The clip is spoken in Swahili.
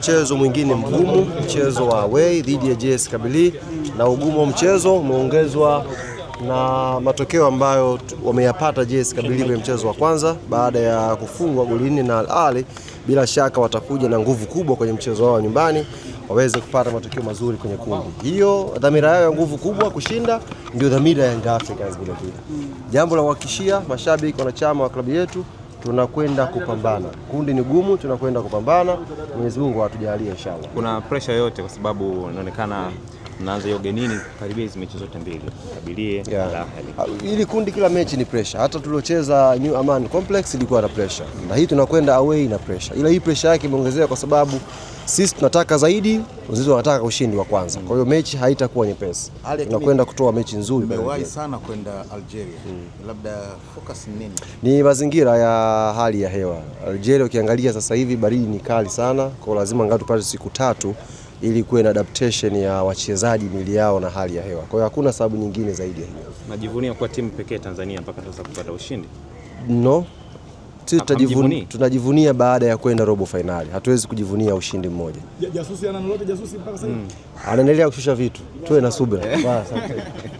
mchezo mwingine mgumu, mchezo wa away dhidi ya JS Kabylie, na ugumu wa mchezo umeongezwa na matokeo ambayo wameyapata JS Kabylie kwenye mchezo wa kwanza baada ya kufungwa goli nne na Al Ahly. Bila shaka watakuja na nguvu kubwa kwenye mchezo wao nyumbani, waweze kupata matokeo mazuri kwenye kundi. Hiyo dhamira yao ya nguvu kubwa kushinda ndio dhamira ya Young Africans. Vile vile jambo la kuhakikishia mashabiki wanachama wa klabu yetu tunakwenda kupambana. Kundi ni gumu, tunakwenda kupambana. Mwenyezi Mungu atujalie inshallah. Kuna pressure yote kwa sababu inaonekana mnaanza hiyo genini karibia hizo mechi zote mbili kabilie yeah. Ili kundi kila mechi ni pressure. Hata tuliocheza New Aman Complex ilikuwa na pressure mm. na hii tunakwenda away na pressure, ila hii pressure yake imeongezeka kwa sababu sisi tunataka zaidi, wenzetu wanataka ushindi wa kwanza mm. kwa hiyo mechi haitakuwa nyepesi, tunakwenda kutoa mechi nzuri. Umewahi sana kwenda Algeria mm. labda focus nini? Ni mazingira ya hali ya hewa Algeria, ukiangalia sasa hivi baridi ni kali sana, kwa lazima angalau tupate siku tatu ili kuwe na adaptation ya wachezaji mili yao na hali ya hewa. Kwa hiyo hakuna sababu nyingine zaidi ya hiyo. Najivunia kwa timu pekee Tanzania mpaka sasa kupata ushindi. No. Tutajivunia, tunajivunia baada ya kwenda robo finali. Hatuwezi kujivunia ushindi mmoja. Jasusi ana lolote jasusi mpaka sasa? Hmm. Anaendelea kushusha vitu. Tuwe na subira.